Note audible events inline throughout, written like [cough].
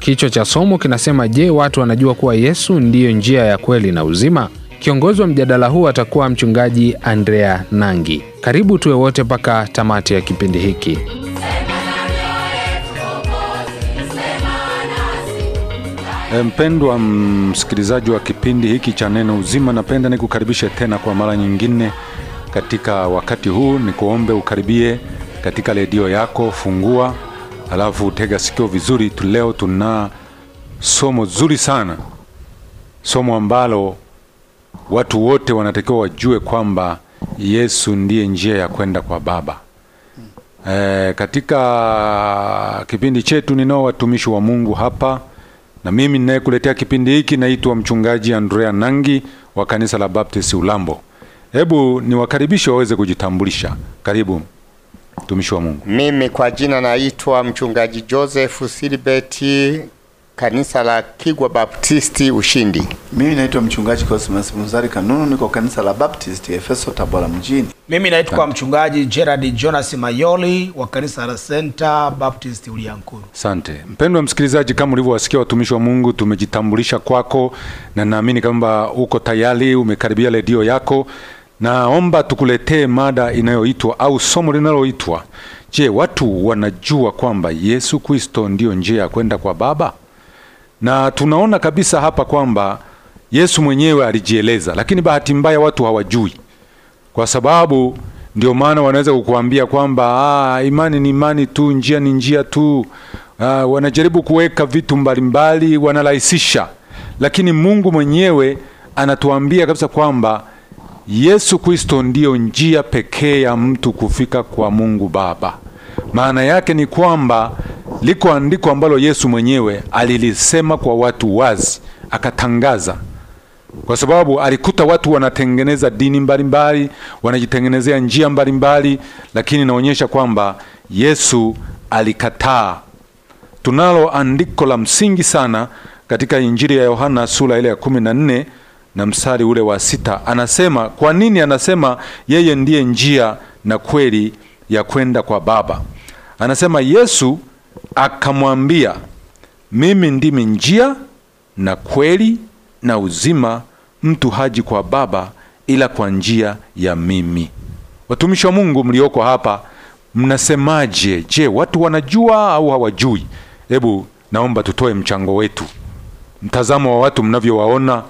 Kichwa cha somo kinasema, je, watu wanajua kuwa Yesu ndiyo njia ya kweli na uzima? Kiongozi wa mjadala huu atakuwa mchungaji Andrea Nangi. Karibu tuwe wote mpaka tamati ya kipindi hiki. Mpendwa msikilizaji wa kipindi hiki cha Neno Uzima, napenda nikukaribishe tena kwa mara nyingine katika wakati huu. Nikuombe ukaribie katika redio yako, fungua Alafu tega sikio vizuri tu. Leo tuna somo zuri sana, somo ambalo watu wote wanatakiwa wajue kwamba Yesu ndiye njia ya kwenda kwa Baba. E, katika kipindi chetu ninao watumishi wa Mungu hapa na mimi ninayekuletea kipindi hiki naitwa mchungaji Andrea Nangi wa kanisa la Baptist Ulambo. Hebu niwakaribishe waweze kujitambulisha. Karibu mtumishi wa Mungu. Mimi kwa jina naitwa mchungaji Joseph Silibeti kanisa la Kigwa Baptisti Ushindi. Mimi naitwa mchungaji Cosmas Muzari Kanunu, niko kanisa la Baptist Efeso Tabora mjini. Mimi naitwa mchungaji Gerard Jonas Mayoli wa kanisa la Center Baptist Uliankuru. Asante mpendwa msikilizaji, kama ulivyowasikia watumishi wa Mungu, tumejitambulisha kwako na naamini kwamba uko tayari umekaribia redio yako Naomba tukuletee mada inayoitwa au somo linaloitwa Je, watu wanajua kwamba Yesu Kristo ndiyo njia ya kwenda kwa Baba? Na tunaona kabisa hapa kwamba Yesu mwenyewe alijieleza, lakini bahati mbaya watu hawajui, kwa sababu ndio maana wanaweza kukuambia kwamba ah, imani ni imani tu, njia ni njia tu. Ah, wanajaribu kuweka vitu mbalimbali, wanarahisisha, lakini Mungu mwenyewe anatuambia kabisa kwamba Yesu Kristo ndiyo njia pekee ya mtu kufika kwa Mungu Baba. Maana yake ni kwamba liko andiko ambalo Yesu mwenyewe alilisema kwa watu wazi, akatangaza kwa sababu alikuta watu wanatengeneza dini mbalimbali mbali, wanajitengenezea njia mbalimbali mbali, lakini inaonyesha kwamba Yesu alikataa. Tunalo andiko la msingi sana katika Injili ya Yohana sura ile ya kumi na nne na msari ule wa sita anasema, kwa nini? Anasema yeye ndiye njia na kweli ya kwenda kwa Baba. Anasema Yesu akamwambia, mimi ndimi njia na kweli na uzima, mtu haji kwa Baba ila kwa njia ya mimi. Watumishi wa Mungu mlioko hapa, mnasemaje? Je, watu wanajua au hawajui? Hebu naomba tutoe mchango wetu, mtazamo wa watu mnavyowaona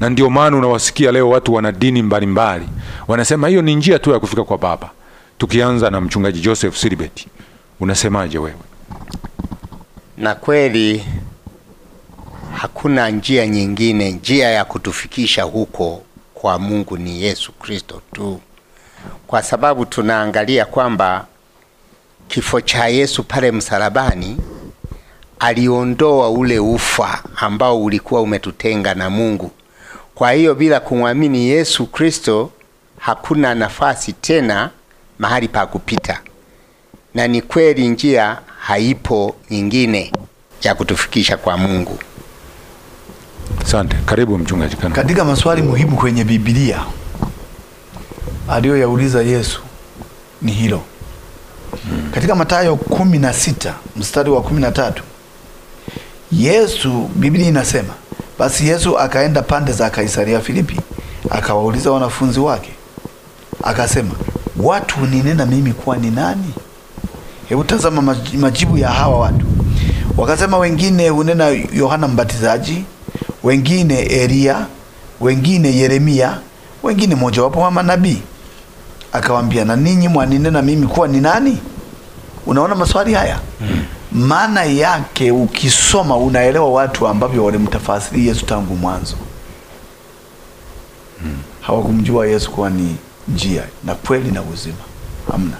na ndio maana unawasikia leo watu wana dini mbalimbali wanasema hiyo ni njia tu ya kufika kwa Baba. Tukianza na mchungaji Joseph Silibeti, unasemaje wewe? Na kweli hakuna njia nyingine, njia ya kutufikisha huko kwa Mungu ni Yesu Kristo tu, kwa sababu tunaangalia kwamba kifo cha Yesu pale msalabani aliondoa ule ufa ambao ulikuwa umetutenga na Mungu kwa hiyo bila kumwamini Yesu Kristo hakuna nafasi tena mahali pa kupita, na ni kweli njia haipo nyingine ya kutufikisha kwa Mungu. Asante. Karibu mchungaji Kana. Katika maswali muhimu kwenye Biblia aliyoyauliza Yesu ni hilo hmm. Katika Mathayo kumi na sita mstari wa kumi na tatu Yesu Biblia inasema basi Yesu akaenda pande za Kaisaria Filipi, akawauliza wanafunzi wake, akasema, watu ninena mimi kuwa ni nani? Hebu tazama majibu ya hawa watu. Wakasema, wengine unena Yohana Mbatizaji, wengine Elia, wengine Yeremia, wengine mojawapo wa manabii. Akawambia, na ninyi mwaninena mimi kuwa ni nani? Unaona maswali haya hmm maana yake ukisoma unaelewa watu ambavyo walimtafasiri Yesu tangu mwanzo. Hmm. Hawakumjua Yesu kuwa ni njia na kweli na uzima, hamna.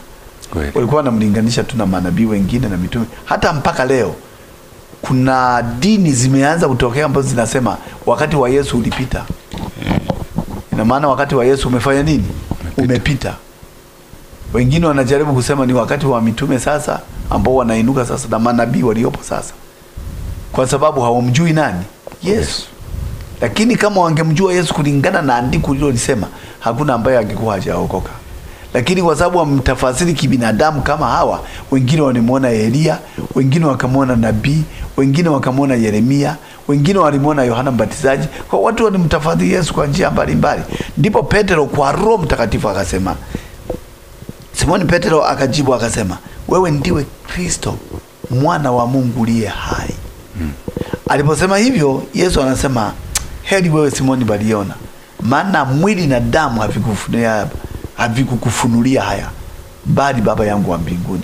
Walikuwa wanamlinganisha tu na manabii wengine na mitume. Hata mpaka leo kuna dini zimeanza kutokea ambazo zinasema wakati wa Yesu ulipita. Hmm. Ina maana wakati wa Yesu umefanya nini? Umepita. Umepita. Wengine wanajaribu kusema ni wakati wa mitume sasa ambao wanainuka sasa na manabii waliopo sasa, kwa sababu hawamjui nani Yesu, Lakini kama wangemjua Yesu kulingana na andiko lililolisema, hakuna ambaye angekuwa hajaokoka. Lakini kwa sababu wamtafasiri kibinadamu kama hawa, wengine walimwona elia wengine wakamwona nabii, wengine wakamwona Yeremia, wengine walimwona Yohana Mbatizaji. Kwa watu walimtafasiri Yesu kwa njia mbalimbali, ndipo Petro kwa Roho Mtakatifu akasema Simoni Petero akajibu akasema, wewe ndiwe Kristo mwana wa Mungu liye hai. Hmm. Aliposema hivyo, Yesu anasema heri wewe Simoni Bariona, maana mwili na damu havikufunulia havikukufunulia haya, bali Baba yangu wa mbinguni.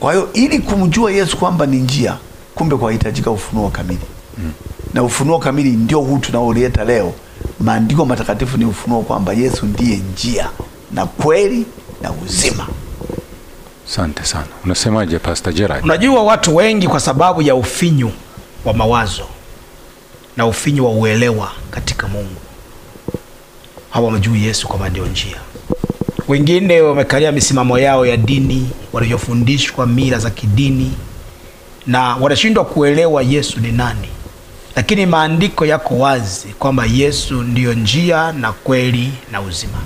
Kwa hiyo ili kumjua Yesu kwamba ni njia, kumbe kwahitajika ufunuo kamili. Hmm. Na ufunuo kamili ndio huu tunaoleta leo. Maandiko matakatifu ni ufunuo kwamba Yesu ndiye njia na kweli na uzima. Asante sana. Unasemaje Pastor Gerard? Unajua watu wengi kwa sababu ya ufinyu wa mawazo na ufinyu wa uelewa katika Mungu hawamjui Yesu kwamba ndio njia. Wengine wamekalia misimamo yao ya dini, walivyofundishwa mila za kidini, na wanashindwa kuelewa Yesu ni nani. Lakini maandiko yako wazi kwamba Yesu ndiyo njia na kweli na uzima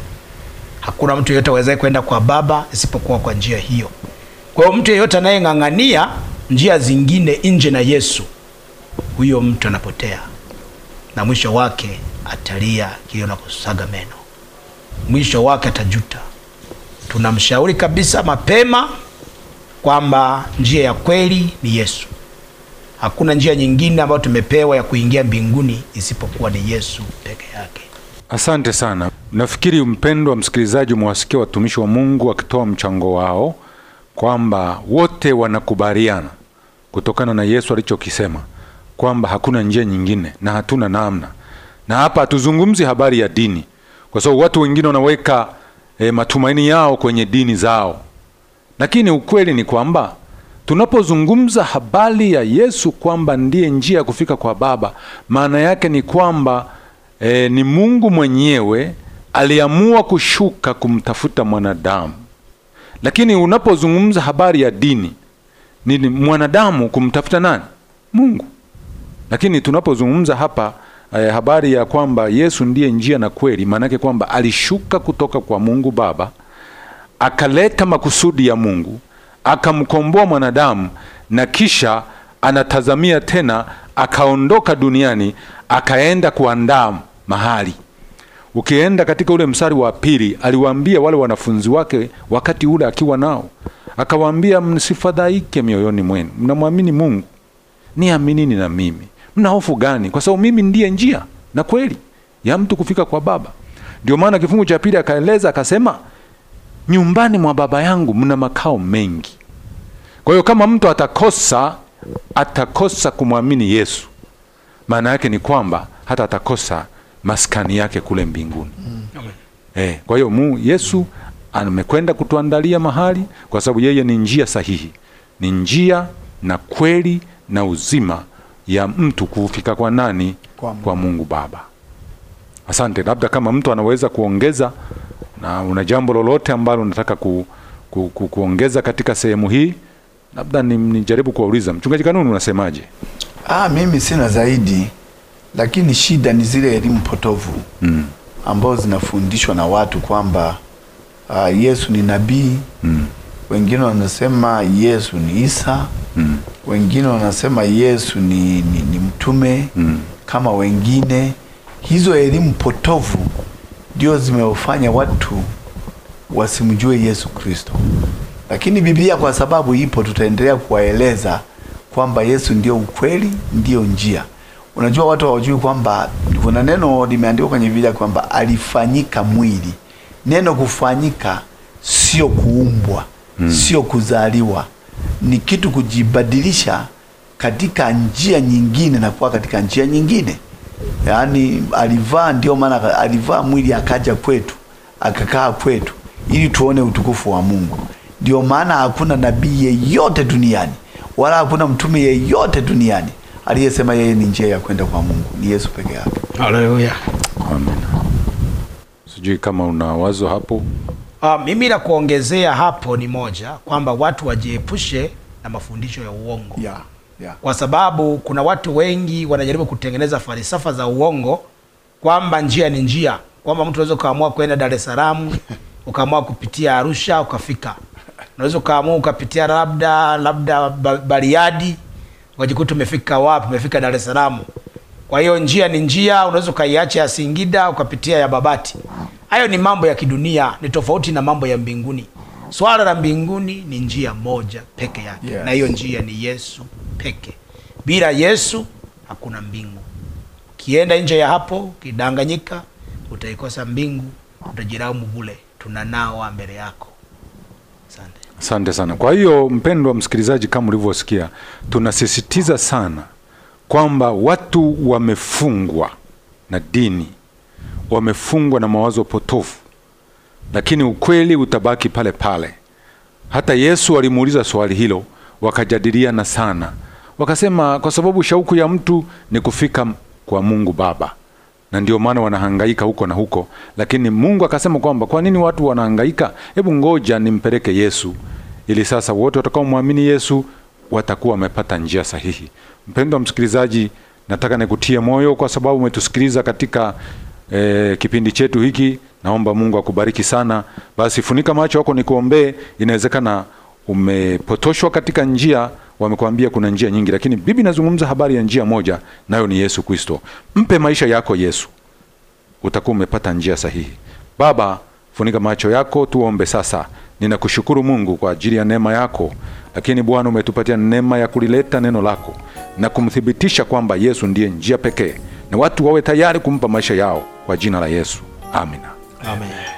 hakuna mtu yeyote awezaye kwenda kwa baba isipokuwa kwa njia hiyo kwa hiyo mtu yeyote anayeng'ang'ania njia zingine nje na yesu huyo mtu anapotea na mwisho wake atalia kilio na kusaga meno mwisho wake atajuta tunamshauri kabisa mapema kwamba njia ya kweli ni yesu hakuna njia nyingine ambayo tumepewa ya kuingia mbinguni isipokuwa ni yesu peke yake Asante sana. Nafikiri mpendwa msikilizaji, umewasikia watumishi wa Mungu wakitoa mchango wao kwamba wote wanakubaliana kutokana na Yesu alichokisema kwamba hakuna njia nyingine na hatuna namna, na hapa hatuzungumzi habari ya dini, kwa sababu watu wengine wanaweka e, matumaini yao kwenye dini zao, lakini ukweli ni kwamba tunapozungumza habari ya Yesu kwamba ndiye njia ya kufika kwa Baba, maana yake ni kwamba e, ni Mungu mwenyewe aliamua kushuka kumtafuta mwanadamu. Lakini unapozungumza habari ya dini ni mwanadamu kumtafuta nani? Mungu. Lakini tunapozungumza hapa eh, habari ya kwamba Yesu ndiye njia na kweli, maanake kwamba alishuka kutoka kwa Mungu Baba akaleta makusudi ya Mungu akamkomboa mwanadamu, na kisha anatazamia tena akaondoka duniani akaenda kuandaa mahali. Ukienda katika ule msari wa pili, aliwaambia wale wanafunzi wake wakati ule akiwa nao, akawaambia msifadhaike mioyoni mwenu, mnamwamini Mungu, niaminini na mimi. Mna hofu gani? Kwa sababu mimi ndiye njia na kweli ya mtu kufika kwa Baba. Ndio maana kifungu cha pili akaeleza akasema, nyumbani mwa Baba yangu mna makao mengi. Kwa hiyo kama mtu atakosa atakosa kumwamini Yesu, maana yake ni kwamba hata atakosa maskani yake kule mbinguni. Mm. Eh, kwa hiyo mu Yesu amekwenda kutuandalia mahali, kwa sababu yeye ni njia sahihi, ni njia na kweli na uzima ya mtu kufika kwa nani? Kwa Mungu, kwa Mungu Baba. Asante. Labda kama mtu anaweza kuongeza na una jambo lolote ambalo unataka ku, ku, ku, kuongeza katika sehemu hii, labda nijaribu ni kuwauliza mchungaji Kanuni, unasemaje? Ah, mimi sina zaidi lakini shida ni zile elimu potovu mm. ambazo zinafundishwa na watu kwamba uh, Yesu ni nabii mm. wengine wanasema Yesu ni Isa mm. wengine wanasema Yesu ni, ni, ni mtume mm. kama wengine. Hizo elimu potovu ndio zimewafanya watu wasimjue Yesu Kristo, lakini Biblia kwa sababu ipo, tutaendelea kuwaeleza kwamba Yesu ndio ukweli, ndiyo njia Unajua watu hawajui kwamba kuna neno limeandikwa kwenye Biblia kwamba alifanyika mwili. Neno kufanyika sio kuumbwa, mm. sio kuzaliwa, ni kitu kujibadilisha katika njia nyingine na kuwa katika njia nyingine. Yaani alivaa, ndio maana alivaa mwili akaja kwetu, akakaa kwetu ili tuone utukufu wa Mungu. Ndio maana hakuna nabii yeyote duniani wala hakuna mtume yeyote duniani aliyesema yeye ni njia ya kwenda kwa Mungu ni Yesu peke yake. Haleluya, amen. Sijui kama una wazo hapo. Ah, mimi la kuongezea hapo ni moja kwamba watu wajiepushe na mafundisho ya uongo yeah, yeah. Kwa sababu kuna watu wengi wanajaribu kutengeneza falsafa za uongo kwamba njia ni njia, kwamba mtu unaweza ukaamua kwenda Dar es Salaam [laughs] ukaamua kupitia Arusha ukafika, unaweza ukaamua ukapitia labda labda Bariadi ukajikuta umefika wapi? Umefika Dar es Salaam. Kwa hiyo njia ni njia, unaweza ukaiacha ya Singida ukapitia ya Babati. Hayo ni mambo ya kidunia, ni tofauti na mambo ya mbinguni. Swala la mbinguni ni njia moja peke yake, yes. Na hiyo njia ni Yesu peke. Bila Yesu hakuna mbingu. Ukienda nje ya hapo ukidanganyika, utaikosa mbingu, utajiramu bule. Tunanawa mbele yako. Asante sana. Kwa hiyo mpendwa msikilizaji, kama ulivyosikia, tunasisitiza sana kwamba watu wamefungwa na dini, wamefungwa na mawazo potofu, lakini ukweli utabaki pale pale. Hata Yesu alimuuliza swali hilo, wakajadiliana sana, wakasema kwa sababu shauku ya mtu ni kufika kwa Mungu Baba na ndio maana wanahangaika huko na huko, lakini Mungu akasema kwamba kwa nini watu wanahangaika? Hebu ngoja nimpeleke Yesu, ili sasa wote watakaomwamini Yesu watakuwa wamepata njia sahihi. Mpendwa msikilizaji, nataka nikutie moyo kwa sababu umetusikiliza katika e, kipindi chetu hiki. Naomba Mungu akubariki sana. Basi funika macho yako nikuombee, inawezekana umepotoshwa katika njia, wamekwambia kuna njia nyingi, lakini bibi nazungumza habari ya njia moja, nayo ni Yesu Kristo. Mpe maisha yako Yesu, utakuwa umepata njia sahihi. Baba, funika macho yako, tuombe sasa. Ninakushukuru Mungu kwa ajili ya neema yako, lakini Bwana umetupatia neema ya kulileta neno lako na kumthibitisha kwamba Yesu ndiye njia pekee, na watu wawe tayari kumpa maisha yao kwa jina la Yesu. Amina, amen.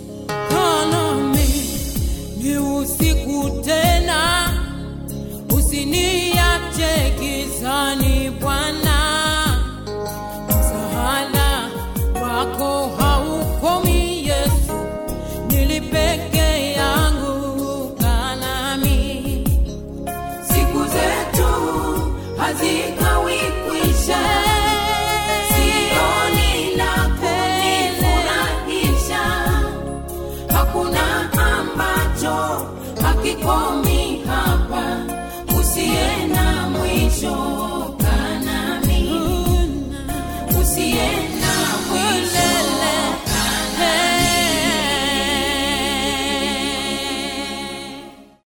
You.